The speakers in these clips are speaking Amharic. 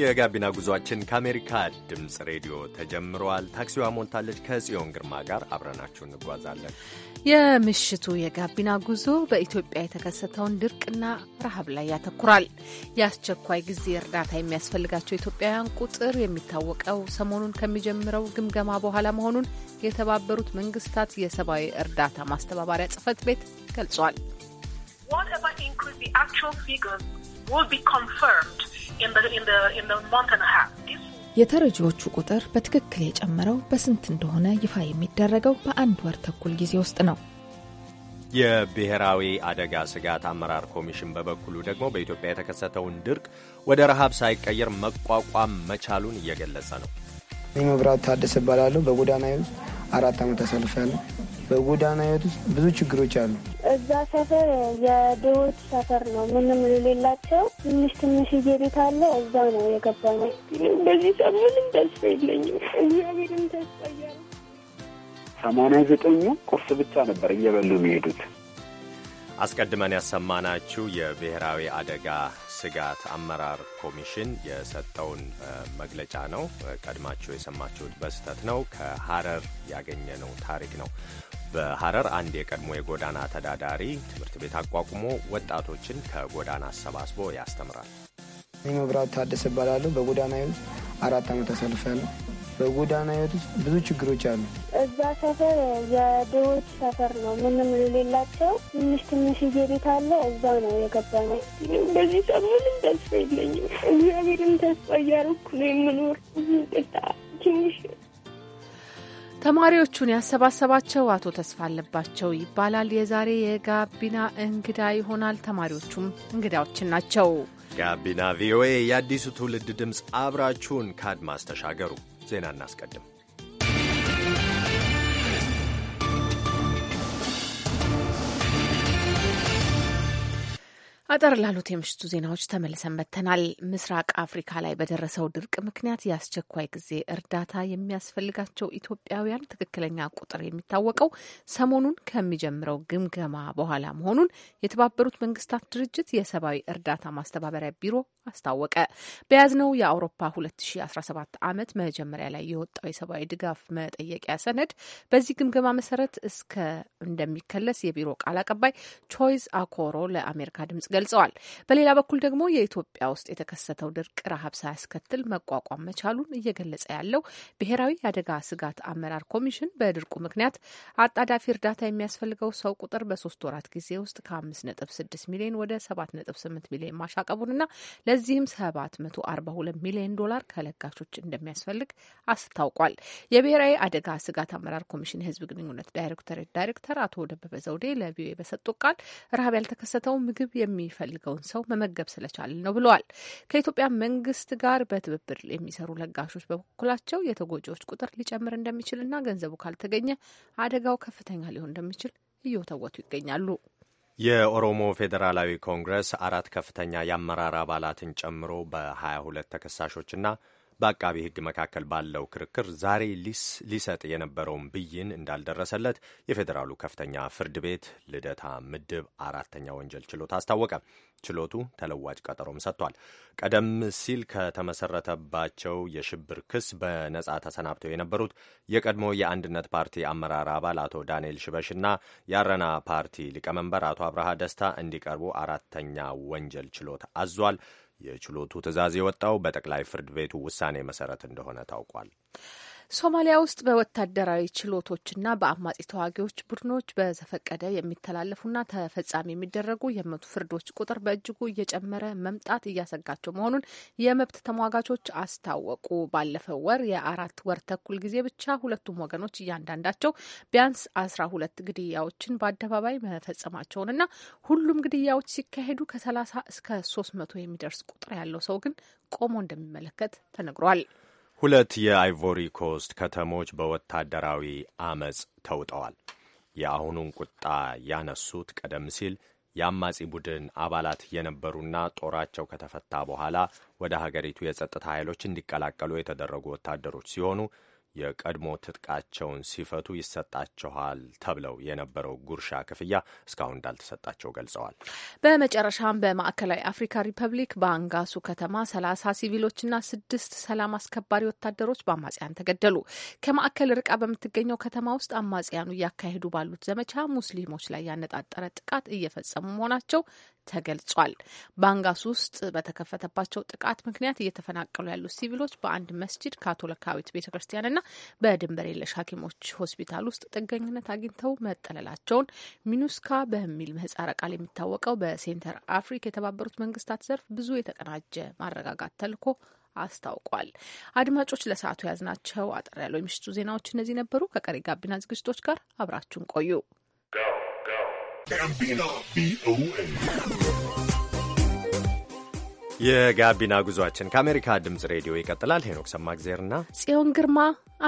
የጋቢና ጉዟችን ከአሜሪካ ድምፅ ሬዲዮ ተጀምረዋል። ታክሲዋ ሞልታለች። ከጽዮን ግርማ ጋር አብረናችሁ እንጓዛለን። የምሽቱ የጋቢና ጉዞ በኢትዮጵያ የተከሰተውን ድርቅና ረሃብ ላይ ያተኩራል። የአስቸኳይ ጊዜ እርዳታ የሚያስፈልጋቸው ኢትዮጵያውያን ቁጥር የሚታወቀው ሰሞኑን ከሚጀምረው ግምገማ በኋላ መሆኑን የተባበሩት መንግስታት የሰብአዊ እርዳታ ማስተባበሪያ ጽህፈት ቤት ገልጿል። የተረጂዎቹ ቁጥር በትክክል የጨመረው በስንት እንደሆነ ይፋ የሚደረገው በአንድ ወር ተኩል ጊዜ ውስጥ ነው። የብሔራዊ አደጋ ስጋት አመራር ኮሚሽን በበኩሉ ደግሞ በኢትዮጵያ የተከሰተውን ድርቅ ወደ ረሃብ ሳይቀየር መቋቋም መቻሉን እየገለጸ ነው። ይህ መብራት ታደሰ እባላለሁ። በጎዳና አራት ዓመት አሳልፌያለሁ። በጎዳና ህይወት ውስጥ ብዙ ችግሮች አሉ። እዛ ሰፈር የድሆች ሰፈር ነው። ምንም የሌላቸው ትንሽ ትንሽ እየቤት አለ። እዛ ነው የገባ ነው። በዚህ ሰ ምንም ተስፋ የለኝም። እግዚአብሔርም ተስፋ እያለ ሰማንያ ዘጠኙ ቁርስ ብቻ ነበር እየበሉ የሚሄዱት። አስቀድመን ያሰማናችሁ የብሔራዊ አደጋ ስጋት አመራር ኮሚሽን የሰጠውን መግለጫ ነው። ቀድማቸው የሰማችሁት በስህተት ነው። ከሀረር ያገኘነው ታሪክ ነው። በሀረር አንድ የቀድሞ የጎዳና ተዳዳሪ ትምህርት ቤት አቋቁሞ ወጣቶችን ከጎዳና አሰባስቦ ያስተምራል። መብራት ታደሰ እባላለሁ። በጎዳና ህይወት አራት ዓመት አሳልፌያለሁ። በጎዳና ህይወት ውስጥ ብዙ ችግሮች አሉ። እዛ ሰፈር የድሆች ሰፈር ነው። ምንም የሌላቸው ትንሽ ትንሽ እየቤት አለ። እዛ ነው የገባ ነው። በዚህ ሰዓት ምንም ተስፋ የለኝም። እግዚአብሔርን ተስፋ እያደረኩ ነው የምኖር። ትንሽ ተማሪዎቹን ያሰባሰባቸው አቶ ተስፋ አለባቸው ይባላል። የዛሬ የጋቢና እንግዳ ይሆናል። ተማሪዎቹም እንግዳዎችን ናቸው። ጋቢና ቪኦኤ፣ የአዲሱ ትውልድ ድምፅ፣ አብራችሁን ከአድማስ ተሻገሩ። ዜና እናስቀድም። አጠር ላሉት የምሽቱ ዜናዎች ተመልሰን መጥተናል። ምስራቅ አፍሪካ ላይ በደረሰው ድርቅ ምክንያት የአስቸኳይ ጊዜ እርዳታ የሚያስፈልጋቸው ኢትዮጵያውያን ትክክለኛ ቁጥር የሚታወቀው ሰሞኑን ከሚጀምረው ግምገማ በኋላ መሆኑን የተባበሩት መንግስታት ድርጅት የሰብአዊ እርዳታ ማስተባበሪያ ቢሮ አስታወቀ። በያዝነው የአውሮፓ 2017 ዓመት መጀመሪያ ላይ የወጣው የሰብአዊ ድጋፍ መጠየቂያ ሰነድ በዚህ ግምገማ መሰረት እስከ እንደሚከለስ የቢሮ ቃል አቀባይ ቾይስ አኮሮ ለአሜሪካ ድምጽ ገልጸዋል። በሌላ በኩል ደግሞ የኢትዮጵያ ውስጥ የተከሰተው ድርቅ ረሃብ ሳያስከትል መቋቋም መቻሉን እየገለጸ ያለው ብሔራዊ የአደጋ ስጋት አመራር ኮሚሽን በድርቁ ምክንያት አጣዳፊ እርዳታ የሚያስፈልገው ሰው ቁጥር በሶስት ወራት ጊዜ ውስጥ ከአምስት ነጥብ ስድስት ሚሊዮን ወደ ሰባት ነጥብ ስምንት ሚሊዮን ማሻቀቡንና ለዚህም ሰባት መቶ አርባ ሁለት ሚሊዮን ዶላር ከለጋሾች እንደሚያስፈልግ አስታውቋል። የብሔራዊ አደጋ ስጋት አመራር ኮሚሽን የህዝብ ግንኙነት ዳይሬክተር ዳይሬክተር አቶ ደበበ ዘውዴ ለቪኦኤ በሰጡ ቃል ረሃብ ያልተከሰተው ምግብ የሚ የሚፈልገውን ሰው መመገብ ስለቻልን ነው ብለዋል። ከኢትዮጵያ መንግስት ጋር በትብብር የሚሰሩ ለጋሾች በበኩላቸው የተጎጂዎች ቁጥር ሊጨምር እንደሚችልና ገንዘቡ ካልተገኘ አደጋው ከፍተኛ ሊሆን እንደሚችል እየወተወቱ ይገኛሉ። የኦሮሞ ፌዴራላዊ ኮንግረስ አራት ከፍተኛ የአመራር አባላትን ጨምሮ በ22 ተከሳሾችና በአቃቢ ሕግ መካከል ባለው ክርክር ዛሬ ሊሰጥ የነበረውን ብይን እንዳልደረሰለት የፌዴራሉ ከፍተኛ ፍርድ ቤት ልደታ ምድብ አራተኛ ወንጀል ችሎት አስታወቀ። ችሎቱ ተለዋጭ ቀጠሮም ሰጥቷል። ቀደም ሲል ከተመሰረተባቸው የሽብር ክስ በነጻ ተሰናብተው የነበሩት የቀድሞ የአንድነት ፓርቲ አመራር አባል አቶ ዳንኤል ሽበሽና የአረና ፓርቲ ሊቀመንበር አቶ አብርሃ ደስታ እንዲቀርቡ አራተኛ ወንጀል ችሎት አዟል። የችሎቱ ትዕዛዝ የወጣው በጠቅላይ ፍርድ ቤቱ ውሳኔ መሰረት እንደሆነ ታውቋል። ሶማሊያ ውስጥ በወታደራዊ ችሎቶችና በአማጺ ተዋጊዎች ቡድኖች በዘፈቀደ የሚተላለፉና ተፈጻሚ የሚደረጉ የመቱ ፍርዶች ቁጥር በእጅጉ እየጨመረ መምጣት እያሰጋቸው መሆኑን የመብት ተሟጋቾች አስታወቁ። ባለፈው ወር የአራት ወር ተኩል ጊዜ ብቻ ሁለቱም ወገኖች እያንዳንዳቸው ቢያንስ አስራ ሁለት ግድያዎችን በአደባባይ መፈጸማቸውንና ሁሉም ግድያዎች ሲካሄዱ ከሰላሳ እስከ ሶስት መቶ የሚደርስ ቁጥር ያለው ሰው ግን ቆሞ እንደሚመለከት ተነግሯል። ሁለት የአይቮሪ ኮስት ከተሞች በወታደራዊ አመፅ ተውጠዋል። የአሁኑን ቁጣ ያነሱት ቀደም ሲል የአማጺ ቡድን አባላት የነበሩና ጦራቸው ከተፈታ በኋላ ወደ ሀገሪቱ የጸጥታ ኃይሎች እንዲቀላቀሉ የተደረጉ ወታደሮች ሲሆኑ የቀድሞ ትጥቃቸውን ሲፈቱ ይሰጣቸዋል ተብለው የነበረው ጉርሻ ክፍያ እስካሁን እንዳልተሰጣቸው ገልጸዋል። በመጨረሻም በማዕከላዊ አፍሪካ ሪፐብሊክ በአንጋሱ ከተማ ሰላሳ ሲቪሎችና ስድስት ሰላም አስከባሪ ወታደሮች በአማጽያን ተገደሉ። ከማዕከል ርቃ በምትገኘው ከተማ ውስጥ አማጽያኑ እያካሄዱ ባሉት ዘመቻ ሙስሊሞች ላይ ያነጣጠረ ጥቃት እየፈጸሙ መሆናቸው ተገልጿል። ባንጋስ ውስጥ በተከፈተባቸው ጥቃት ምክንያት እየተፈናቀሉ ያሉ ሲቪሎች በአንድ መስጂድ፣ ካቶሊካዊት ቤተ ክርስቲያንና በድንበር የለሽ ሐኪሞች ሆስፒታል ውስጥ ጥገኝነት አግኝተው መጠለላቸውን ሚኑስካ በሚል ምህጻረ ቃል የሚታወቀው በሴንተር አፍሪክ የተባበሩት መንግስታት ዘርፍ ብዙ የተቀናጀ ማረጋጋት ተልኮ አስታውቋል። አድማጮች ለሰዓቱ የያዝናቸው አጠር ያለው የምሽቱ ዜናዎች እነዚህ ነበሩ። ከቀሪ ጋቢና ዝግጅቶች ጋር አብራችሁን ቆዩ። ጋቢና ቪኦኤ የጋቢና ጉዟችን ከአሜሪካ ድምፅ ሬዲዮ ይቀጥላል። ሄኖክ ሰማእግዜርና ጽዮን ግርማ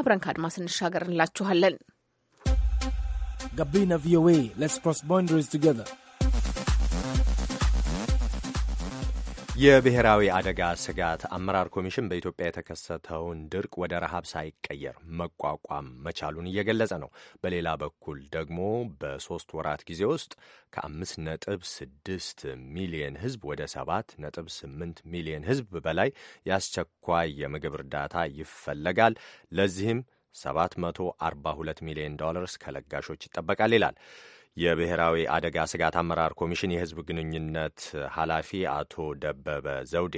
አብረን ከአድማ እንሻገር እንላችኋለን። ጋቢና ቪኦኤ ሌትስ ክሮስ ባውንደሪስ ቱጌዘር የብሔራዊ አደጋ ስጋት አመራር ኮሚሽን በኢትዮጵያ የተከሰተውን ድርቅ ወደ ረሃብ ሳይቀየር መቋቋም መቻሉን እየገለጸ ነው። በሌላ በኩል ደግሞ በሶስት ወራት ጊዜ ውስጥ ከአምስት ነጥብ ስድስት ሚሊየን ህዝብ ወደ ሰባት ነጥብ ስምንት ሚሊየን ህዝብ በላይ የአስቸኳይ የምግብ እርዳታ ይፈለጋል። ለዚህም 742 ሚሊየን ዶላርስ ከለጋሾች ይጠበቃል ይላል። የብሔራዊ አደጋ ስጋት አመራር ኮሚሽን የህዝብ ግንኙነት ኃላፊ አቶ ደበበ ዘውዴ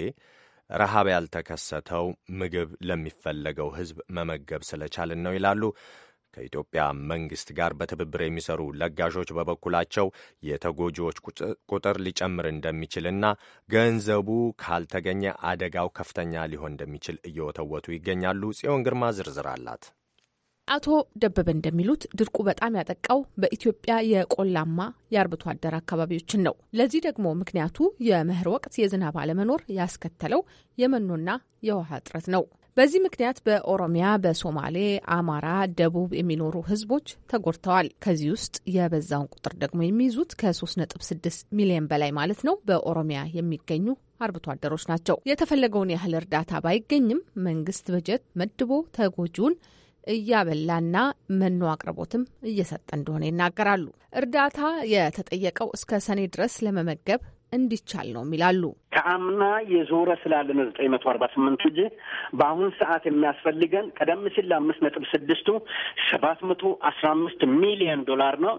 ረሃብ ያልተከሰተው ምግብ ለሚፈለገው ህዝብ መመገብ ስለቻልን ነው ይላሉ። ከኢትዮጵያ መንግስት ጋር በትብብር የሚሰሩ ለጋሾች በበኩላቸው የተጎጂዎች ቁጥር ሊጨምር እንደሚችልና ገንዘቡ ካልተገኘ አደጋው ከፍተኛ ሊሆን እንደሚችል እየወተወቱ ይገኛሉ። ጽዮን ግርማ ዝርዝር አላት። አቶ ደበበ እንደሚሉት ድርቁ በጣም ያጠቃው በኢትዮጵያ የቆላማ የአርብቶ አደር አካባቢዎችን ነው። ለዚህ ደግሞ ምክንያቱ የመኸር ወቅት የዝናብ አለመኖር ያስከተለው የመኖና የውሃ እጥረት ነው። በዚህ ምክንያት በኦሮሚያ፣ በሶማሌ፣ አማራ፣ ደቡብ የሚኖሩ ህዝቦች ተጎድተዋል። ከዚህ ውስጥ የበዛውን ቁጥር ደግሞ የሚይዙት ከ3.6 ሚሊዮን በላይ ማለት ነው በኦሮሚያ የሚገኙ አርብቶ አደሮች ናቸው። የተፈለገውን ያህል እርዳታ ባይገኝም መንግስት በጀት መድቦ ተጎጂውን እያበላና መኖ አቅርቦትም እየሰጠ እንደሆነ ይናገራሉ። እርዳታ የተጠየቀው እስከ ሰኔ ድረስ ለመመገብ እንዲቻል ነው ይላሉ። ከአምና የዞረ ስላለ ዘጠኝ መቶ አርባ ስምንቱ እንጂ በአሁን ሰዓት የሚያስፈልገን ቀደም ሲል ለአምስት ነጥብ ስድስቱ ሰባት መቶ አስራ አምስት ሚሊዮን ዶላር ነው።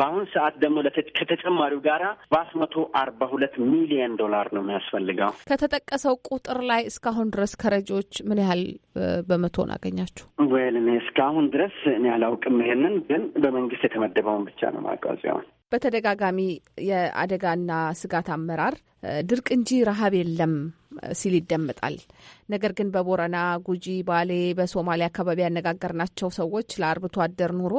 በአሁን ሰዓት ደግሞ ከተጨማሪው ጋራ ሰባት መቶ አርባ ሁለት ሚሊዮን ዶላር ነው የሚያስፈልገው። ከተጠቀሰው ቁጥር ላይ እስካሁን ድረስ ከረጂዎች ምን ያህል በመቶን አገኛችሁ? ወይል እኔ እስካሁን ድረስ እኔ አላውቅም። ይሄንን ግን በመንግስት የተመደበውን ብቻ ነው ማቃዚያውን በተደጋጋሚ የአደጋና ስጋት አመራር ድርቅ እንጂ ረሃብ የለም ሲል ይደመጣል። ነገር ግን በቦረና ጉጂ፣ ባሌ፣ በሶማሌ አካባቢ ያነጋገርናቸው ሰዎች ለአርብቶ አደር ኑሮ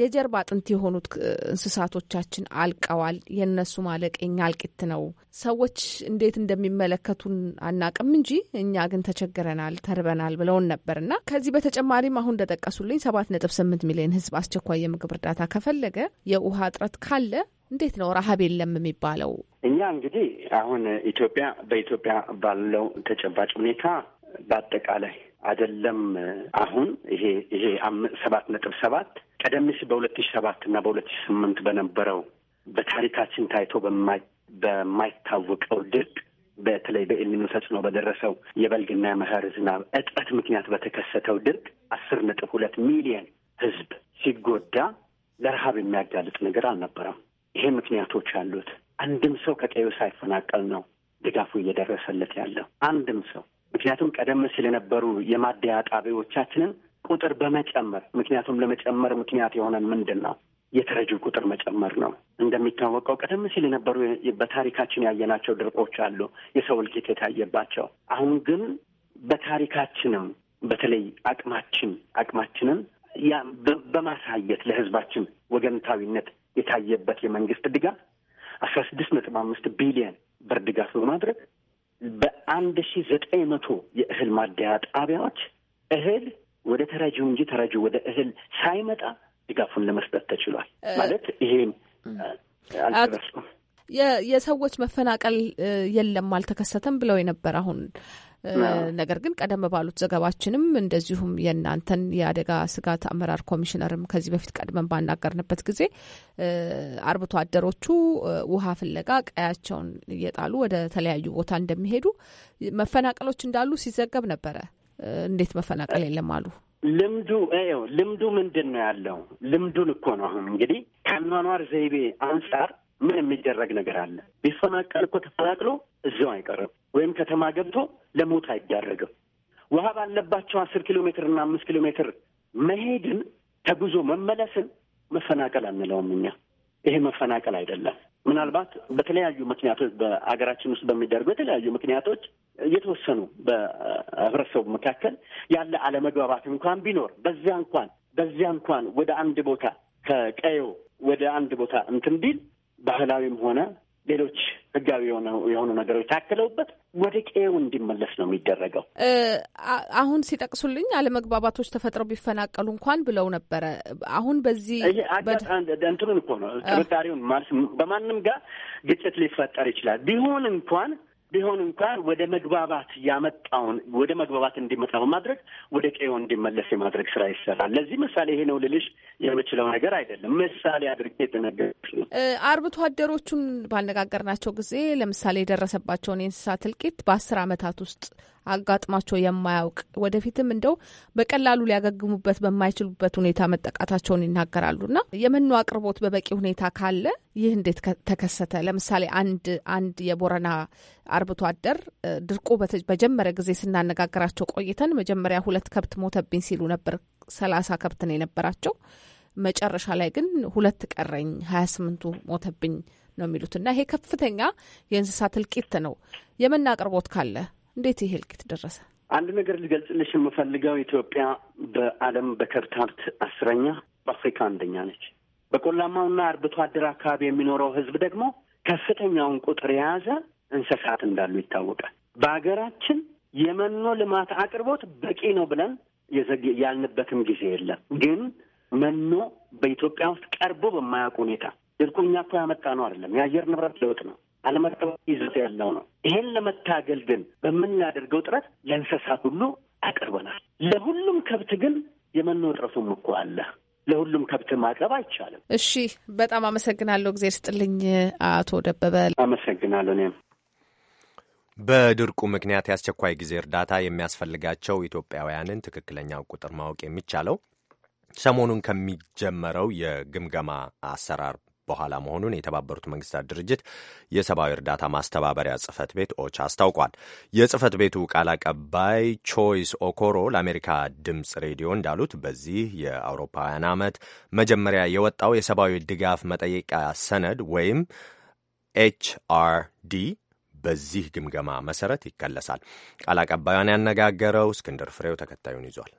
የጀርባ አጥንት የሆኑት እንስሳቶቻችን አልቀዋል፣ የነሱ ማለቅ የኛ ነው። ሰዎች እንዴት እንደሚመለከቱን አናቅም እንጂ እኛ ግን ተቸግረናል፣ ተርበናል ብለውን ነበር እና ከዚህ በተጨማሪም አሁን እንደጠቀሱልኝ ሰባት ነጥብ ስምንት ሚሊዮን ህዝብ አስቸኳይ የምግብ እርዳታ ከፈለገ የውሃ እጥረት ካለ እንዴት ነው ረሀብ የለም የሚባለው? እኛ እንግዲህ አሁን ኢትዮጵያ በኢትዮጵያ ባለው ተጨባጭ ሁኔታ በአጠቃላይ አይደለም አሁን ይሄ ይሄ ሰባት ነጥብ ሰባት ቀደም ሲል በሁለት ሺ ሰባት እና በሁለት ሺ ስምንት በነበረው በታሪካችን ታይቶ በማይታወቀው ድርቅ በተለይ በኤልኒኖ ተጽዕኖ በደረሰው የበልግና የመኸር ዝናብ እጥረት ምክንያት በተከሰተው ድርቅ አስር ነጥብ ሁለት ሚሊየን ህዝብ ሲጎዳ ለረሀብ የሚያጋልጥ ነገር አልነበረም። ይሄ ምክንያቶች አሉት። አንድም ሰው ከቀዩ ሳይፈናቀል ነው ድጋፉ እየደረሰለት ያለው አንድም ሰው ምክንያቱም ቀደም ሲል የነበሩ የማደያ ጣቢያዎቻችንን ቁጥር በመጨመር ምክንያቱም ለመጨመር ምክንያት የሆነን ምንድን ነው? የተረጂው ቁጥር መጨመር ነው። እንደሚታወቀው ቀደም ሲል የነበሩ በታሪካችን ያየናቸው ድርቆች አሉ፣ የሰው እልቂት የታየባቸው። አሁን ግን በታሪካችንም በተለይ አቅማችን አቅማችንን በማሳየት ለህዝባችን ወገንታዊነት የታየበት የመንግስት ድጋፍ አስራ ስድስት ነጥብ አምስት ቢሊየን ብር ድጋፍ በማድረግ በአንድ ሺ ዘጠኝ መቶ የእህል ማደያ ጣቢያዎች እህል ወደ ተረጂው እንጂ ተረጂው ወደ እህል ሳይመጣ ድጋፉን ለመስጠት ተችሏል። ማለት ይሄም አልደረስኩም የሰዎች መፈናቀል የለም አልተከሰተም ብለው የነበር አሁን ነገር ግን ቀደም ባሉት ዘገባችንም እንደዚሁም የእናንተን የአደጋ ስጋት አመራር ኮሚሽነርም ከዚህ በፊት ቀድመን ባናገርንበት ጊዜ አርብቶ አደሮቹ ውሃ ፍለጋ ቀያቸውን እየጣሉ ወደ ተለያዩ ቦታ እንደሚሄዱ መፈናቀሎች እንዳሉ ሲዘገብ ነበረ። እንዴት መፈናቀል የለም አሉ? ልምዱ ልምዱ ምንድን ነው ያለው? ልምዱን እኮ ነው አሁን እንግዲህ ከአኗኗር ዘይቤ አንጻር ምን የሚደረግ ነገር አለ? ቢፈናቀል እኮ ተፈናቅሎ እዚያው አይቀርም። ወይም ከተማ ገብቶ ለሞት አይዳረግም። ውሃ ባለባቸው አስር ኪሎ ሜትር እና አምስት ኪሎ ሜትር መሄድን ተጉዞ መመለስን መፈናቀል አንለውም እኛ። ይሄ መፈናቀል አይደለም። ምናልባት በተለያዩ ምክንያቶች በአገራችን ውስጥ በሚደረጉ የተለያዩ ምክንያቶች እየተወሰኑ በህብረተሰቡ መካከል ያለ አለመግባባት እንኳን ቢኖር በዚያ እንኳን በዚያ እንኳን ወደ አንድ ቦታ ከቀዮ ወደ አንድ ቦታ እንትን ቢል ባህላዊም ሆነ ሌሎች ህጋዊ የሆኑ ነገሮች ታክለውበት ወደ ቀየው እንዲመለስ ነው የሚደረገው። አሁን ሲጠቅሱልኝ አለመግባባቶች ተፈጥረው ቢፈናቀሉ እንኳን ብለው ነበረ። አሁን በዚህ እንትኑን እኮ ነው ጥርጣሬውን በማንም ጋር ግጭት ሊፈጠር ይችላል ቢሆን እንኳን ቢሆን እንኳን ወደ መግባባት ያመጣውን ወደ መግባባት እንዲመጣ በማድረግ ወደ ቀዮ እንዲመለስ የማድረግ ስራ ይሰራል። ለዚህ ምሳሌ ይሄ ነው ልልሽ የምችለው ነገር አይደለም። ምሳሌ አድርጌ የተነገረች ነው። አርብቶ አደሮቹን ባነጋገርናቸው ጊዜ ለምሳሌ የደረሰባቸውን የእንስሳት እልቂት በአስር ዓመታት ውስጥ አጋጥሟቸው የማያውቅ ወደፊትም እንደው በቀላሉ ሊያገግሙበት በማይችሉበት ሁኔታ መጠቃታቸውን ይናገራሉና የመኖ አቅርቦት በበቂ ሁኔታ ካለ ይህ እንዴት ተከሰተ? ለምሳሌ አንድ አንድ የቦረና አርብቶ አደር ድርቁ በጀመረ ጊዜ ስናነጋገራቸው ቆይተን መጀመሪያ ሁለት ከብት ሞተብኝ ሲሉ ነበር። ሰላሳ ከብት ነው የነበራቸው። መጨረሻ ላይ ግን ሁለት ቀረኝ፣ ሀያ ስምንቱ ሞተብኝ ነው የሚሉት እና ይሄ ከፍተኛ የእንስሳት እልቂት ነው። የመኖ አቅርቦት ካለ እንዴት ይሄ እልቂት ደረሰ? አንድ ነገር ሊገልጽልሽ የምፈልገው ኢትዮጵያ በዓለም በከብታርት አስረኛ በአፍሪካ አንደኛ ነች። በቆላማውና አርብቶ አደር አካባቢ የሚኖረው ህዝብ ደግሞ ከፍተኛውን ቁጥር የያዘ እንስሳት እንዳሉ ይታወቃል። በሀገራችን የመኖ ልማት አቅርቦት በቂ ነው ብለን ያልንበትም ጊዜ የለም። ግን መኖ በኢትዮጵያ ውስጥ ቀርቦ በማያውቅ ሁኔታ ድርቁ እኮ ያመጣ ነው አይደለም፣ የአየር ንብረት ለውጥ ነው። ዓለም አቀፍ ይዘት ያለው ነው። ይሄን ለመታገል ግን በምናደርገው ጥረት ለእንስሳት ሁሉ አቅርበናል። ለሁሉም ከብት ግን የመኖ እጥረቱም እኮ አለ። ለሁሉም ከብት ማቅረብ አይቻልም። እሺ፣ በጣም አመሰግናለሁ። እግዜር ስጥልኝ አቶ ደበበ። አመሰግናለሁ እኔም በድርቁ ምክንያት የአስቸኳይ ጊዜ እርዳታ የሚያስፈልጋቸው ኢትዮጵያውያንን ትክክለኛው ቁጥር ማወቅ የሚቻለው ሰሞኑን ከሚጀመረው የግምገማ አሰራር በኋላ መሆኑን የተባበሩት መንግስታት ድርጅት የሰብአዊ እርዳታ ማስተባበሪያ ጽህፈት ቤት ኦቻ አስታውቋል። የጽህፈት ቤቱ ቃል አቀባይ ቾይስ ኦኮሮ ለአሜሪካ ድምፅ ሬዲዮ እንዳሉት በዚህ የአውሮፓውያን ዓመት መጀመሪያ የወጣው የሰብአዊ ድጋፍ መጠየቂያ ሰነድ ወይም ኤችአርዲ በዚህ ግምገማ መሰረት ይከለሳል። ቃል አቀባዩን ያነጋገረው እስክንድር ፍሬው ተከታዩን ይዟል።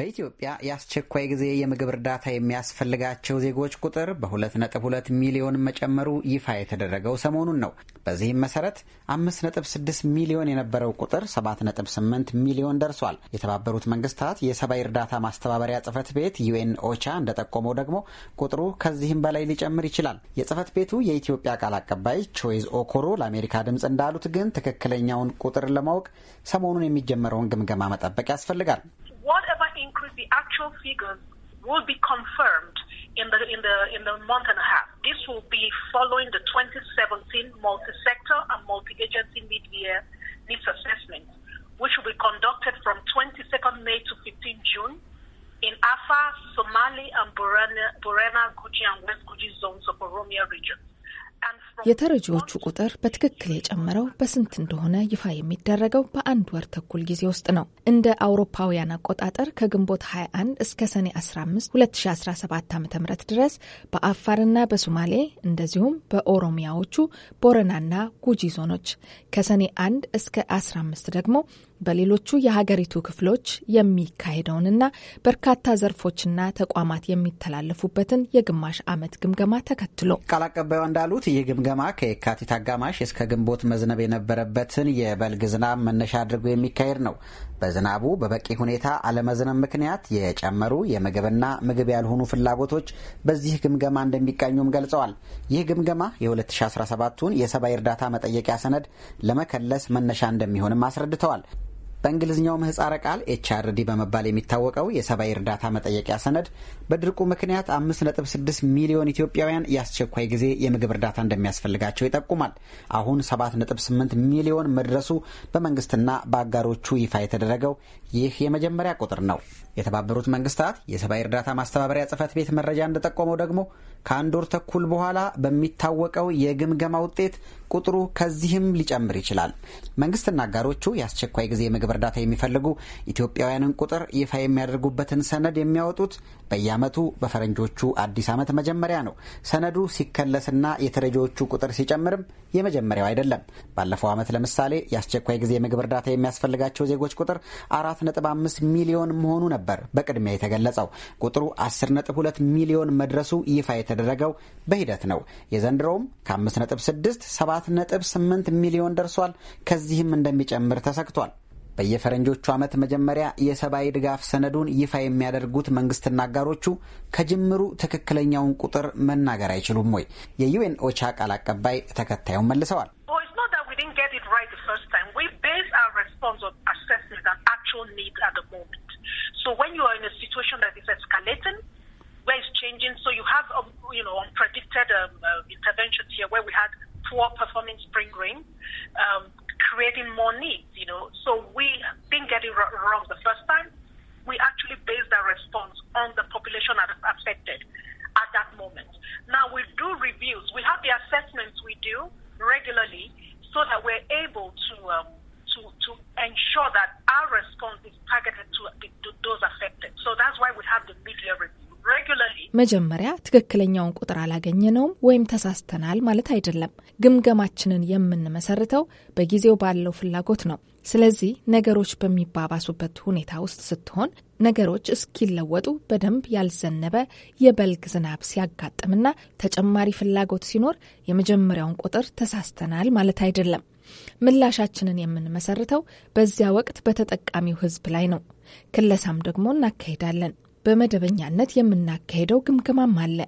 በኢትዮጵያ የአስቸኳይ ጊዜ የምግብ እርዳታ የሚያስፈልጋቸው ዜጎች ቁጥር በ2.2 ሚሊዮን መጨመሩ ይፋ የተደረገው ሰሞኑን ነው። በዚህም መሰረት 5.6 ሚሊዮን የነበረው ቁጥር 7.8 ሚሊዮን ደርሷል። የተባበሩት መንግስታት የሰብአዊ እርዳታ ማስተባበሪያ ጽህፈት ቤት ዩኤን ኦቻ እንደጠቆመው ደግሞ ቁጥሩ ከዚህም በላይ ሊጨምር ይችላል። የጽህፈት ቤቱ የኢትዮጵያ ቃል አቀባይ ቾይዝ ኦኮሮ ለአሜሪካ ድምፅ እንዳሉት ግን ትክክለኛውን ቁጥር ለማወቅ ሰሞኑን የሚጀመረውን ግምገማ መጠበቅ ያስፈልጋል። increase, the actual figures will be confirmed in the in the in the month and a half. This will be following the 2017 multi-sector የተረጂዎቹ ቁጥር በትክክል የጨመረው በስንት እንደሆነ ይፋ የሚደረገው በአንድ ወር ተኩል ጊዜ ውስጥ ነው። እንደ አውሮፓውያን አቆጣጠር ከግንቦት 21 እስከ ሰኔ 15 2017 ዓ ም ድረስ በአፋርና በሶማሌ እንደዚሁም በኦሮሚያዎቹ ቦረናና ጉጂ ዞኖች ከሰኔ 1 እስከ 15 ደግሞ በሌሎቹ የሀገሪቱ ክፍሎች የሚካሄደውንና በርካታ ዘርፎችና ተቋማት የሚተላለፉበትን የግማሽ ዓመት ግምገማ ተከትሎ ቃል አቀባዩ እንዳሉት ይህ ግምገማ ከየካቲት አጋማሽ እስከ ግንቦት መዝነብ የነበረበትን የበልግ ዝናብ መነሻ አድርጎ የሚካሄድ ነው። በዝናቡ በበቂ ሁኔታ አለመዝነብ ምክንያት የጨመሩ የምግብና ምግብ ያልሆኑ ፍላጎቶች በዚህ ግምገማ እንደሚቃኙም ገልጸዋል። ይህ ግምገማ የ2017ቱን የሰብአዊ እርዳታ መጠየቂያ ሰነድ ለመከለስ መነሻ እንደሚሆንም አስረድተዋል። በእንግሊዝኛው ምህፃረ ቃል ኤችአርዲ በመባል የሚታወቀው የሰብአዊ እርዳታ መጠየቂያ ሰነድ በድርቁ ምክንያት 5.6 ሚሊዮን ኢትዮጵያውያን የአስቸኳይ ጊዜ የምግብ እርዳታ እንደሚያስፈልጋቸው ይጠቁማል። አሁን 7.8 ሚሊዮን መድረሱ በመንግስትና በአጋሮቹ ይፋ የተደረገው ይህ የመጀመሪያ ቁጥር ነው። የተባበሩት መንግስታት የሰብአዊ እርዳታ ማስተባበሪያ ጽህፈት ቤት መረጃ እንደጠቆመው ደግሞ ከአንድ ወር ተኩል በኋላ በሚታወቀው የግምገማ ውጤት ቁጥሩ ከዚህም ሊጨምር ይችላል። መንግስትና አጋሮቹ የአስቸኳይ ጊዜ የምግብ እርዳታ የሚፈልጉ ኢትዮጵያውያንን ቁጥር ይፋ የሚያደርጉበትን ሰነድ የሚያወጡት በየዓመቱ በፈረንጆቹ አዲስ ዓመት መጀመሪያ ነው። ሰነዱ ሲከለስና የተረጂዎቹ ቁጥር ሲጨምርም የመጀመሪያው አይደለም። ባለፈው ዓመት ለምሳሌ የአስቸኳይ ጊዜ ምግብ እርዳታ የሚያስፈልጋቸው ዜጎች ቁጥር 4.5 ሚሊዮን መሆኑ ነበር በቅድሚያ የተገለጸው። ቁጥሩ 10.2 ሚሊዮን መድረሱ ይፋ የተደረገው በሂደት ነው። የዘንድሮውም ከ5.6 7.8 ሚሊዮን ደርሷል። ከዚህም እንደሚጨምር ተሰግቷል። በየፈረንጆቹ ዓመት መጀመሪያ የሰብአዊ ድጋፍ ሰነዱን ይፋ የሚያደርጉት መንግስትና አጋሮቹ ከጅምሩ ትክክለኛውን ቁጥር መናገር አይችሉም ወይ? የዩኤን ኦቻ ቃል አቀባይ ተከታዩን መልሰዋል። oh, creating more needs, you know. So we didn't get it wrong the first time. We actually based our response on the population affected at that moment. Now we do reviews. We have the assessments we do regularly so that we're able to, um, to, to ensure that our response is targeted to the መጀመሪያ ትክክለኛውን ቁጥር አላገኘነውም ወይም ተሳስተናል ማለት አይደለም። ግምገማችንን የምንመሰርተው በጊዜው ባለው ፍላጎት ነው። ስለዚህ ነገሮች በሚባባሱበት ሁኔታ ውስጥ ስትሆን ነገሮች እስኪለወጡ በደንብ ያልዘነበ የበልግ ዝናብ ሲያጋጥምና ተጨማሪ ፍላጎት ሲኖር የመጀመሪያውን ቁጥር ተሳስተናል ማለት አይደለም። ምላሻችንን የምንመሰርተው በዚያ ወቅት በተጠቃሚው ሕዝብ ላይ ነው። ክለሳም ደግሞ እናካሄዳለን። በመደበኛነት የምናካሄደው ግምገማም አለ።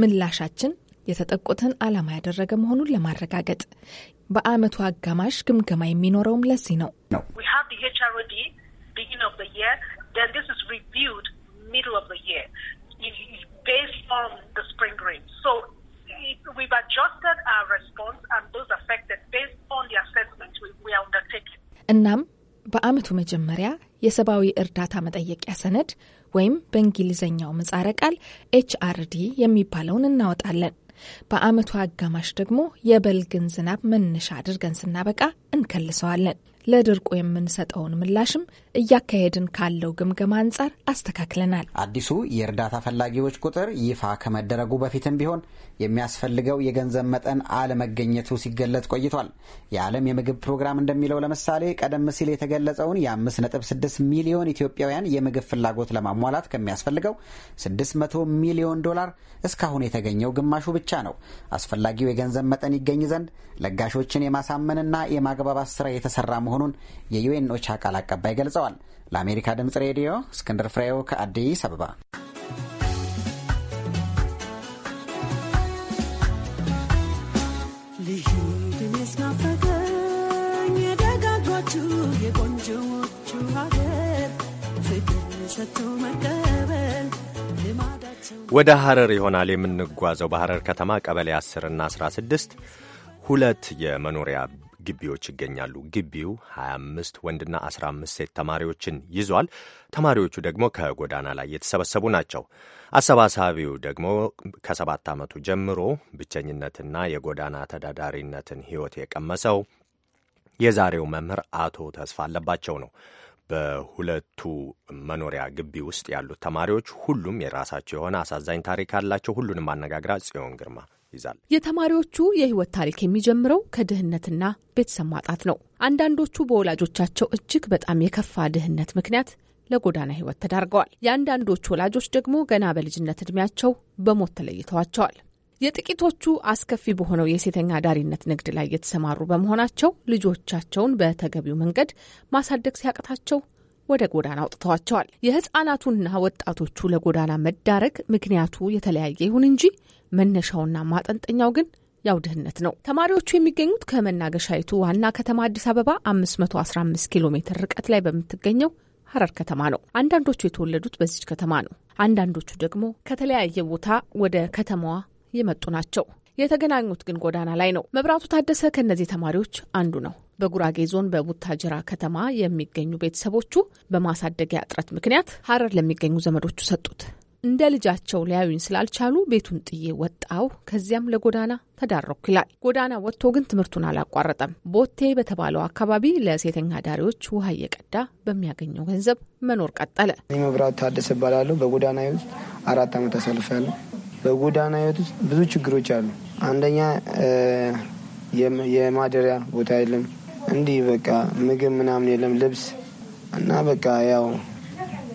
ምላሻችን የተጠቁትን ዓላማ ያደረገ መሆኑን ለማረጋገጥ በአመቱ አጋማሽ ግምገማ የሚኖረውም ለዚህ ነው ነው እናም በአመቱ መጀመሪያ የሰብአዊ እርዳታ መጠየቂያ ሰነድ ወይም በእንግሊዝኛው ምጻረ ቃል ኤችአርዲ የሚባለውን እናወጣለን። በአመቱ አጋማሽ ደግሞ የበልግን ዝናብ መነሻ አድርገን ስናበቃ እንከልሰዋለን። ለድርቁ የምንሰጠውን ምላሽም እያካሄድን ካለው ግምገማ አንጻር አስተካክለናል። አዲሱ የእርዳታ ፈላጊዎች ቁጥር ይፋ ከመደረጉ በፊትም ቢሆን የሚያስፈልገው የገንዘብ መጠን አለመገኘቱ ሲገለጽ ቆይቷል። የዓለም የምግብ ፕሮግራም እንደሚለው ለምሳሌ ቀደም ሲል የተገለጸውን የ5.6 ሚሊዮን ኢትዮጵያውያን የምግብ ፍላጎት ለማሟላት ከሚያስፈልገው 600 ሚሊዮን ዶላር እስካሁን የተገኘው ግማሹ ብቻ ነው። አስፈላጊው የገንዘብ መጠን ይገኝ ዘንድ ለጋሾችን የማሳመንና የማግባባት ስራ የተሰራ መሆኑ መሆኑን የዩኤን ኦቻ ቃል አቀባይ ገልጸዋል። ለአሜሪካ ድምጽ ሬዲዮ እስክንድር ፍሬው ከአዲስ አበባ። ወደ ሐረር ይሆናል የምንጓዘው። በሐረር ከተማ ቀበሌ 10 እና 16 ሁለት የመኖሪያ ግቢዎች ይገኛሉ። ግቢው 25 ወንድና 15 ሴት ተማሪዎችን ይዟል። ተማሪዎቹ ደግሞ ከጎዳና ላይ የተሰበሰቡ ናቸው። አሰባሳቢው ደግሞ ከሰባት ዓመቱ ጀምሮ ብቸኝነትና የጎዳና ተዳዳሪነትን ሕይወት የቀመሰው የዛሬው መምህር አቶ ተስፋ አለባቸው ነው። በሁለቱ መኖሪያ ግቢ ውስጥ ያሉት ተማሪዎች ሁሉም የራሳቸው የሆነ አሳዛኝ ታሪክ አላቸው። ሁሉንም አነጋግራ ጽዮን ግርማ ይዛል። የተማሪዎቹ የህይወት ታሪክ የሚጀምረው ከድህነትና ቤተሰብ ማጣት ነው። አንዳንዶቹ በወላጆቻቸው እጅግ በጣም የከፋ ድህነት ምክንያት ለጎዳና ህይወት ተዳርገዋል። የአንዳንዶቹ ወላጆች ደግሞ ገና በልጅነት እድሜያቸው በሞት ተለይተዋቸዋል። የጥቂቶቹ አስከፊ በሆነው የሴተኛ አዳሪነት ንግድ ላይ የተሰማሩ በመሆናቸው ልጆቻቸውን በተገቢው መንገድ ማሳደግ ሲያቅታቸው ወደ ጎዳና አውጥተዋቸዋል። የህፃናቱና ወጣቶቹ ለጎዳና መዳረግ ምክንያቱ የተለያየ ይሁን እንጂ መነሻውና ማጠንጠኛው ግን ያው ድህነት ነው። ተማሪዎቹ የሚገኙት ከመናገሻይቱ ዋና ከተማ አዲስ አበባ 515 ኪሎ ሜትር ርቀት ላይ በምትገኘው ሀረር ከተማ ነው። አንዳንዶቹ የተወለዱት በዚች ከተማ ነው። አንዳንዶቹ ደግሞ ከተለያየ ቦታ ወደ ከተማዋ የመጡ ናቸው። የተገናኙት ግን ጎዳና ላይ ነው። መብራቱ ታደሰ ከእነዚህ ተማሪዎች አንዱ ነው። በጉራጌ ዞን በቡታጅራ ከተማ የሚገኙ ቤተሰቦቹ በማሳደጊያ እጥረት ምክንያት ሀረር ለሚገኙ ዘመዶቹ ሰጡት። እንደ ልጃቸው ሊያዩኝ ስላልቻሉ ቤቱን ጥዬ ወጣው፣ ከዚያም ለጎዳና ተዳረኩ ይላል። ጎዳና ወጥቶ ግን ትምህርቱን አላቋረጠም። ቦቴ በተባለው አካባቢ ለሴተኛ ዳሪዎች ውሃ እየቀዳ በሚያገኘው ገንዘብ መኖር ቀጠለ። መብራቱ ታደሰ እባላለሁ። በጎዳና አራት ዓመት አሳልፌያለሁ። በጎዳና ህይወት ውስጥ ብዙ ችግሮች አሉ። አንደኛ የማደሪያ ቦታ የለም፣ እንዲህ በቃ ምግብ ምናምን የለም፣ ልብስ እና በቃ ያው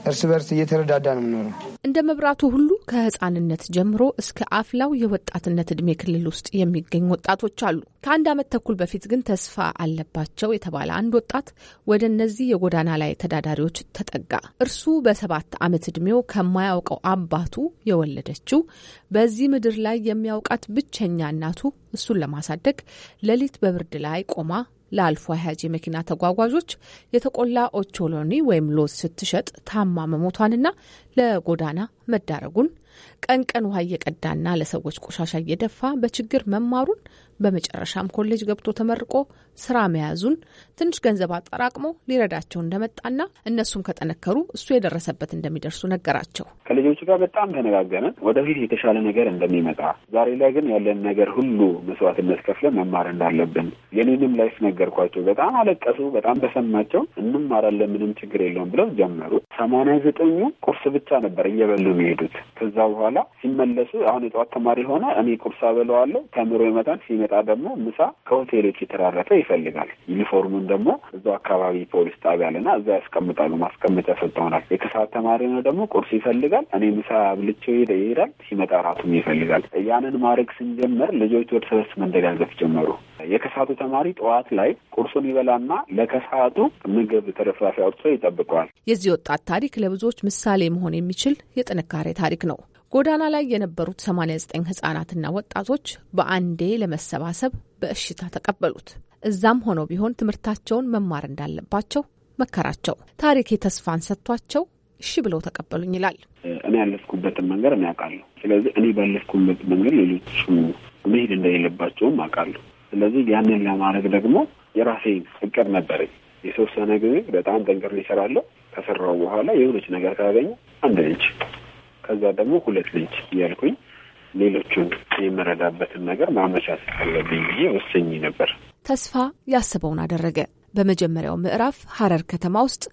እርስ በርስ እየተረዳዳ ነው የምኖረው። እንደ መብራቱ ሁሉ ከህፃንነት ጀምሮ እስከ አፍላው የወጣትነት ዕድሜ ክልል ውስጥ የሚገኙ ወጣቶች አሉ። ከአንድ ዓመት ተኩል በፊት ግን ተስፋ አለባቸው የተባለ አንድ ወጣት ወደ እነዚህ የጎዳና ላይ ተዳዳሪዎች ተጠጋ። እርሱ በሰባት ዓመት ዕድሜው ከማያውቀው አባቱ የወለደችው በዚህ ምድር ላይ የሚያውቃት ብቸኛ እናቱ እሱን ለማሳደግ ሌሊት በብርድ ላይ ቆማ ለአልፎ አያጅ የመኪና ተጓጓዦች የተቆላ ኦቾሎኒ ወይም ሎዝ ስትሸጥ ታማ መሞቷንና ለጎዳና መዳረጉን ቀን ቀን ውሃ እየቀዳና ለሰዎች ቆሻሻ እየደፋ በችግር መማሩን በመጨረሻም ኮሌጅ ገብቶ ተመርቆ ስራ መያዙን ትንሽ ገንዘብ አጠራቅሞ ሊረዳቸው እንደመጣና እነሱም ከጠነከሩ እሱ የደረሰበት እንደሚደርሱ ነገራቸው። ከልጆቹ ጋር በጣም ተነጋገረን። ወደፊት የተሻለ ነገር እንደሚመጣ፣ ዛሬ ላይ ግን ያለን ነገር ሁሉ መስዋዕትነት ከፍለ መማር እንዳለብን የኔንም ላይፍ ነገርኳቸው። በጣም አለቀሱ። በጣም ተሰማቸው። እንማራለን፣ ምንም ችግር የለውም ብለው ጀመሩ። ሰማንያ ዘጠኙ ቁርስ ብቻ ነበር እየበሉ የሚሄዱት ከዛ በኋላ ሲመለሱ አሁን የጠዋት ተማሪ ሆነ እኔ ቁርስ አበለዋለሁ ተምሮ ይመጣል። ሲመጣ ደግሞ ምሳ ከሆቴሎች የተራረፈ ይፈልጋል። ዩኒፎርሙን ደግሞ እዛው አካባቢ ፖሊስ ጣቢያ አለና እዛ ያስቀምጣሉ። ማስቀመጫ ሰጥተውናል። የከሰዓት ተማሪ ነው ደግሞ ቁርስ ይፈልጋል። እኔ ምሳ ብልቸው ይሄዳል። ሲመጣ ራቱም ይፈልጋል። ያንን ማድረግ ስንጀምር ልጆች ወደ ሰበስ መንደጋገፍ ጀመሩ። የከሳቱ ተማሪ ጠዋት ላይ ቁርሱን ይበላና ለከሳቱ ምግብ ተረፍራፊ አውጥቶ ይጠብቀዋል። የዚህ ወጣት ታሪክ ለብዙዎች ምሳሌ መሆን የሚችል የጥንካሬ ታሪክ ነው። ጎዳና ላይ የነበሩት 89 ህጻናትና ወጣቶች በአንዴ ለመሰባሰብ በእሽታ ተቀበሉት። እዛም ሆኖ ቢሆን ትምህርታቸውን መማር እንዳለባቸው መከራቸው ታሪክ የተስፋን ሰጥቷቸው እሺ ብለው ተቀበሉኝ ይላል። እኔ ያለፍኩበትን መንገድ እኔ አውቃለሁ። ስለዚህ እኔ ባለፍኩበት መንገድ ሌሎቹ መሄድ እንደሌለባቸውም አውቃለሁ። ስለዚህ ያንን ለማድረግ ደግሞ የራሴ እቅድ ነበረኝ። የተወሰነ ጊዜ በጣም ጠንቅሬ እሰራለሁ። ከሰራው በኋላ የሆነች ነገር ካገኘ አንድ ልጅ ከዛ ደግሞ ሁለት ልጅ እያልኩኝ ሌሎቹን የምረዳበትን ነገር ማመቻቸት አለብኝ ብዬ ወሰኝ ነበር። ተስፋ ያስበውን አደረገ። በመጀመሪያው ምዕራፍ ሀረር ከተማ ውስጥ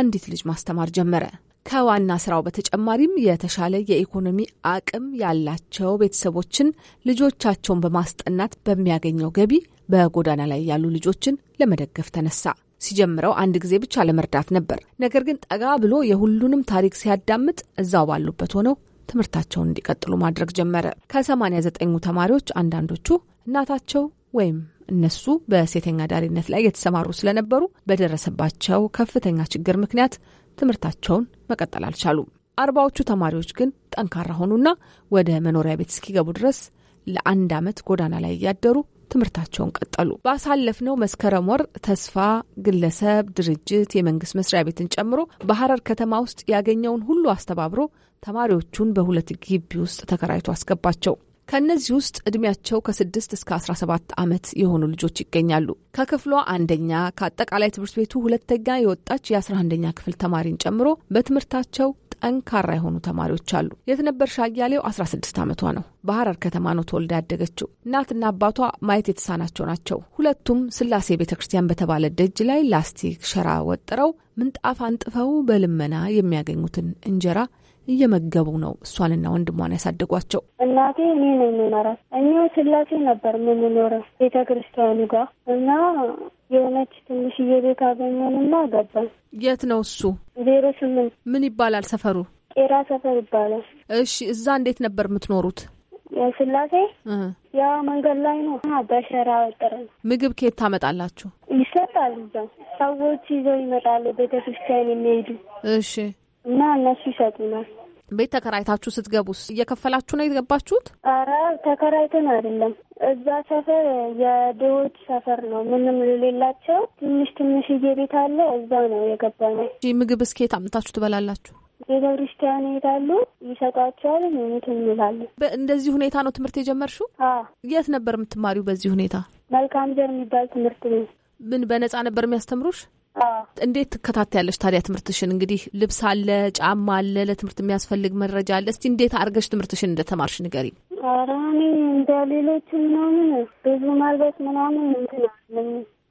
አንዲት ልጅ ማስተማር ጀመረ። ከዋና ስራው በተጨማሪም የተሻለ የኢኮኖሚ አቅም ያላቸው ቤተሰቦችን ልጆቻቸውን በማስጠናት በሚያገኘው ገቢ በጎዳና ላይ ያሉ ልጆችን ለመደገፍ ተነሳ። ሲጀምረው አንድ ጊዜ ብቻ ለመርዳት ነበር። ነገር ግን ጠጋ ብሎ የሁሉንም ታሪክ ሲያዳምጥ እዛው ባሉበት ሆነው ትምህርታቸውን እንዲቀጥሉ ማድረግ ጀመረ። ዘጠኙ ተማሪዎች አንዳንዶቹ እናታቸው ወይም እነሱ በሴተኛ ዳሪነት ላይ የተሰማሩ ስለነበሩ በደረሰባቸው ከፍተኛ ችግር ምክንያት ትምህርታቸውን መቀጠል አልቻሉም። አርባዎቹ ተማሪዎች ግን ጠንካራ ሆኑና ወደ መኖሪያ ቤት እስኪገቡ ድረስ ለአንድ ዓመት ጎዳና ላይ እያደሩ ትምህርታቸውን ቀጠሉ። ባሳለፍነው መስከረም ወር ተስፋ ግለሰብ፣ ድርጅት የመንግስት መስሪያ ቤትን ጨምሮ በሐረር ከተማ ውስጥ ያገኘውን ሁሉ አስተባብሮ ተማሪዎቹን በሁለት ግቢ ውስጥ ተከራይቶ አስገባቸው። ከእነዚህ ውስጥ ከ ከስድስት እስከ 17 ዓመት የሆኑ ልጆች ይገኛሉ። ከክፍሏ አንደኛ ከአጠቃላይ ትምህርት ቤቱ ሁለተኛ የወጣች የ11ኛ ክፍል ተማሪን ጨምሮ በትምህርታቸው ጠንካራ የሆኑ ተማሪዎች አሉ። የትነበርሽ አያሌው 16 ዓመቷ ነው። በሐረር ከተማ ነው ተወልዳ ያደገችው። እናትና አባቷ ማየት የተሳናቸው ናቸው። ሁለቱም ስላሴ ቤተ ክርስቲያን በተባለ ደጅ ላይ ላስቲክ ሸራ ወጥረው ምንጣፍ አንጥፈው በልመና የሚያገኙትን እንጀራ እየመገቡ ነው እሷንና ወንድሟን ያሳደጓቸው። እናቴ እኔ ነው የምመራት። እኛ ስላሴ ነበር የምንኖረው ቤተ ክርስቲያኑ ጋር እና የሆነች ትንሽዬ ቤት አገኘንና ገባን። የት ነው እሱ? ዜሮ ስምንት ምን ይባላል ሰፈሩ? ቄራ ሰፈር ይባላል። እሺ፣ እዛ እንዴት ነበር የምትኖሩት? ስላሴ ያ መንገድ ላይ ነው። በሸራ ወጥረ ምግብ ከየት ታመጣላችሁ? ይሰጣል። እዛ ሰዎች ይዘው ይመጣሉ፣ ቤተክርስቲያን የሚሄዱ እሺ። እና እነሱ ይሰጡናል። ቤት ተከራይታችሁ ስትገቡስ እየከፈላችሁ ነው የገባችሁት? አረ ተከራይተን አይደለም። እዛ ሰፈር የድሆች ሰፈር ነው፣ ምንም ሌላቸው። ትንሽ ትንሽዬ ቤት አለ፣ እዛ ነው የገባ ነው። ምግብ እስኬት አምጥታችሁ ትበላላችሁ? ቤተ ክርስቲያን ይሄዳሉ፣ ይሰጧቸዋል። ኔት እንላለን። እንደዚህ ሁኔታ ነው ትምህርት የጀመርሽው? የት ነበር የምትማሪው? በዚህ ሁኔታ መልካም ዘር የሚባል ትምህርት ነው። ምን በነጻ ነበር የሚያስተምሩሽ? እንዴት ትከታተያለሽ ታዲያ ትምህርትሽን? እንግዲህ ልብስ አለ፣ ጫማ አለ፣ ለትምህርት የሚያስፈልግ መረጃ አለ። እስቲ እንዴት አድርገሽ ትምህርትሽን እንደተማርሽ ንገሪ። ኧረ እኔ እንደ ሌሎች ምናምን ብዙ ማልበስ ምናምን ምንትነ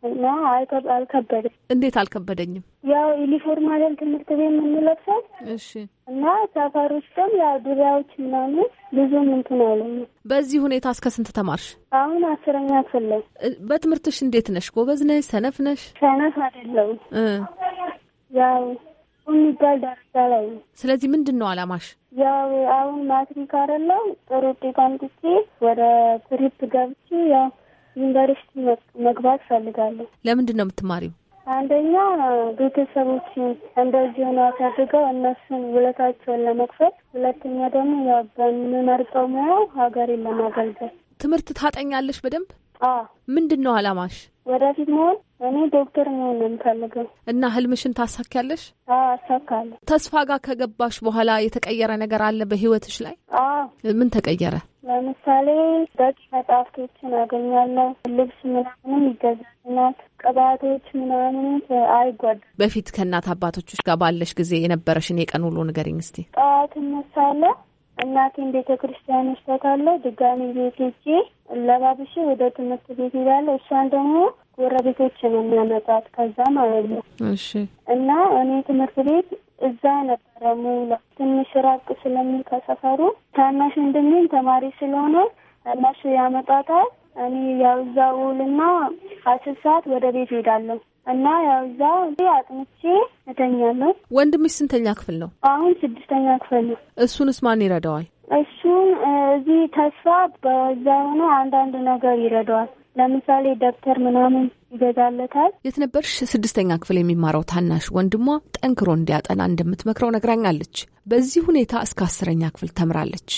እና አልከበደኝ። እንዴት አልከበደኝም? ያው ዩኒፎርም አይደል ትምህርት ቤት የምንለብሰው። እሺ። እና ሰፈር ውስጥም ያው ዱሪያዎች ምናምን ብዙም እንትን አይሉም። በዚህ ሁኔታ እስከ ስንት ተማርሽ? አሁን አስረኛ ክፍል በትምህርትሽ እንዴት ነሽ? ጎበዝ ነሽ? ሰነፍ ነሽ? ሰነፍ አይደለሁም። ያው የሚባል ደረጃ ላይ ነው። ስለዚህ ምንድን ነው አላማሽ? ያው አሁን ማትሪክ አይደለሁ ጥሩ ውጤት አምጥቼ ወደ ትሪፕ ገብቼ ያው ዩኒቨርሲቲ መግባት ፈልጋለሁ። ለምንድን ነው የምትማሪው? አንደኛ ቤተሰቦች እንደዚህ ሆነ አሳድገው እነሱን ውለታቸውን ለመክፈል፣ ሁለተኛ ደግሞ ያው በምመርጠው ሙያው ሀገሬን ለማገልገል። ትምህርት ታጠኛለሽ በደንብ? ምንድን ነው አላማሽ? ወደፊት መሆን እኔ ዶክተር መሆን ነው የምፈልገው። እና ህልምሽን ታሳኪያለሽ? አሳካለሁ። ተስፋ ጋር ከገባሽ በኋላ የተቀየረ ነገር አለ በህይወትሽ ላይ? ምን ተቀየረ? ለምሳሌ በቂ መጽሐፍቶችን አገኛለሁ። ልብስ ምናምንም ይገዛልናል። ቅባቶች ምናምን አይጓድም። በፊት ከእናት አባቶች ጋር ባለሽ ጊዜ የነበረሽን የቀን ውሎ ንገሪኝ እስቲ። ጠዋት እነሳለሁ። እናቴን ቤተ ክርስቲያን እሸታለሁ። ድጋሚ ቤት ሄጄ ለባብሼ ወደ ትምህርት ቤት ሄዳለሁ። እሷን ደግሞ ጎረቤቶች ነው የሚያመጣት ከዛ ማለት ነው። እሺ እና እኔ ትምህርት ቤት እዛ ነበረ ሙሉ ትንሽ ራቅ ስለሚል ከሰፈሩ ታናሽ ወንድሜም ተማሪ ስለሆነ ታናሽ ያመጣታል። እኔ ያው እዛ ውልና አስር ሰዓት ወደ ቤት ሄዳለሁ እና ያው እዛ አጥምቼ እተኛለሁ። ወንድምሽ ስንተኛ ክፍል ነው? አሁን ስድስተኛ ክፍል ነው። እሱንስ ማን ይረዳዋል? እሱን እዚህ ተስፋ በዛ የሆነ አንዳንድ ነገር ይረዳዋል። ለምሳሌ ደብተር ምናምን ይገዛለታል። የት ነበርሽ? ስድስተኛ ክፍል የሚማረው ታናሽ ወንድሟ ጠንክሮ እንዲያጠና እንደምትመክረው ነግራኛለች። በዚህ ሁኔታ እስከ አስረኛ ክፍል ተምራለች።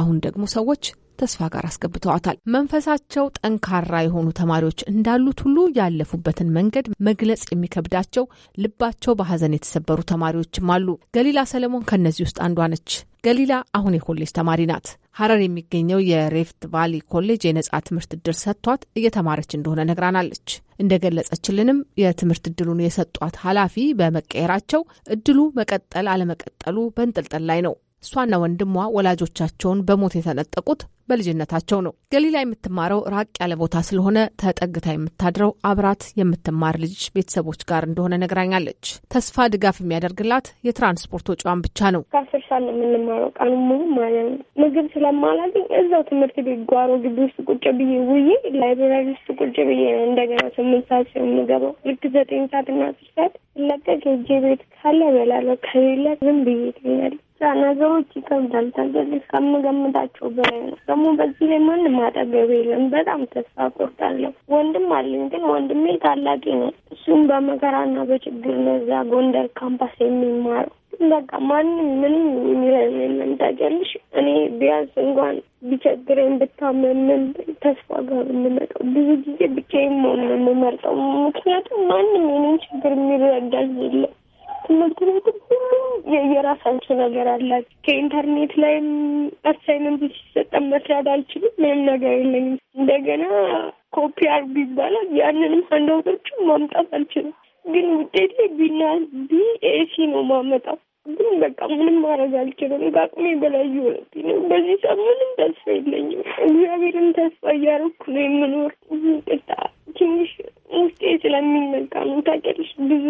አሁን ደግሞ ሰዎች ተስፋ ጋር አስገብተዋታል። መንፈሳቸው ጠንካራ የሆኑ ተማሪዎች እንዳሉት ሁሉ ያለፉበትን መንገድ መግለጽ የሚከብዳቸው ልባቸው በሀዘን የተሰበሩ ተማሪዎችም አሉ። ገሊላ ሰለሞን ከእነዚህ ውስጥ አንዷ ነች። ገሊላ አሁን የኮሌጅ ተማሪ ናት። ሀረር የሚገኘው የሬፍት ቫሊ ኮሌጅ የነጻ ትምህርት እድል ሰጥቷት እየተማረች እንደሆነ ነግራናለች። እንደገለጸችልንም የትምህርት እድሉን የሰጧት ኃላፊ በመቀየራቸው እድሉ መቀጠል አለመቀጠሉ በንጥልጥል ላይ ነው። እሷና ወንድሟ ወላጆቻቸውን በሞት የተነጠቁት በልጅነታቸው ነው። ገሊላ የምትማረው ራቅ ያለ ቦታ ስለሆነ ተጠግታ የምታድረው አብራት የምትማር ልጅ ቤተሰቦች ጋር እንደሆነ ነግራኛለች። ተስፋ ድጋፍ የሚያደርግላት የትራንስፖርት ወጪዋን ብቻ ነው። ከአስር ሰዓት ነው የምንማረው ቀኑ ሙሉ ማለት ነው። ምግብ ስለማላገኝ እዛው ትምህርት ቤት ጓሮ ግቢ ውስጥ ቁጭ ብዬ ውዬ ላይብራሪ ውስጥ ቁጭ ብዬ ነው እንደገና ስምንት ሰዓት ሲሆን የምገባው። ልክ ዘጠኝ ሰዓት እና አስር ሰዓት ስለቀቅ ሄጄ ቤት ካለ እበላለሁ ከሌለ ዝም ብዬ ትኛለሁ። ነገሮች ይከብዳል። ተገለጽ ከምገምታቸው በላይ ነው። ደግሞ በዚህ ላይ ማንም አጠገብ የለም። በጣም ተስፋ ቆርጣለሁ። ወንድም አለኝ፣ ግን ወንድሜ ታላቂ ነው። እሱም በመከራና በችግር ነው እዛ ጎንደር ካምፓስ የሚማረው። በቃ ማንም ምንም የሚለን የለም። ታውቂያለሽ፣ እኔ ቢያንስ እንኳን ቢቸግረኝ ብታመምም ተስፋ ጋር የምመጣው ብዙ ጊዜ ብቻዬን መሆን ነው የምመርጠው። ምክንያቱም ማንም የኔን ችግር የሚረዳኝ የለም። ትምህርት ቤትም ሁሉም የየራሳቸው ነገር አላቸው። ከኢንተርኔት ላይም አሳይመንት ሲሰጠን መስራት አልችልም። ምንም ነገር የለኝም። እንደገና ኮፒ አርጉ ይባላል። ያንንም ሀንዳውቶችን ማምጣት አልችልም። ግን ውጤት ላይ ቢና ቢ ኤሲ ነው ማመጣው ግን በቃ ምንም ማድረግ አልችልም። በአቅሜ በላይ የሆነብኝ ነው። በዚህ ሰ ምንም ተስፋ የለኝም። እግዚአብሔርን ተስፋ እያደረኩ ነው የምኖር። ቅጣ ትንሽ ውስጤ ስለሚመጣ ነው። ታውቂያለሽ ብዙ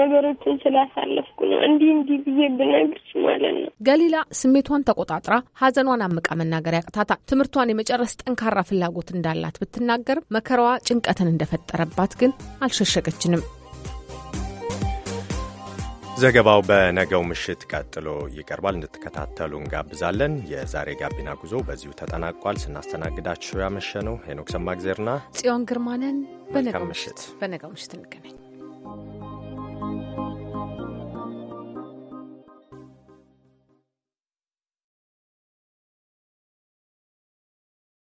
ነገሮችን ስላሳለፍኩ ነው። እንዲህ እንዲህ ብዬ ብነግርሽ ማለት ነው። ገሊላ ስሜቷን ተቆጣጥራ ሀዘኗን አምቃ መናገር ያቅታታል። ትምህርቷን የመጨረስ ጠንካራ ፍላጎት እንዳላት ብትናገርም መከራዋ ጭንቀትን እንደፈጠረባት ግን አልሸሸገችንም። ዘገባው በነገው ምሽት ቀጥሎ ይቀርባል። እንድትከታተሉ እንጋብዛለን። የዛሬ ጋቢና ጉዞ በዚሁ ተጠናቋል። ስናስተናግዳችሁ ያመሸ ነው ሄኖክ ሰማግዜርና ጽዮን ግርማንን። በነገው ምሽት በነገው ምሽት እንገናኝ።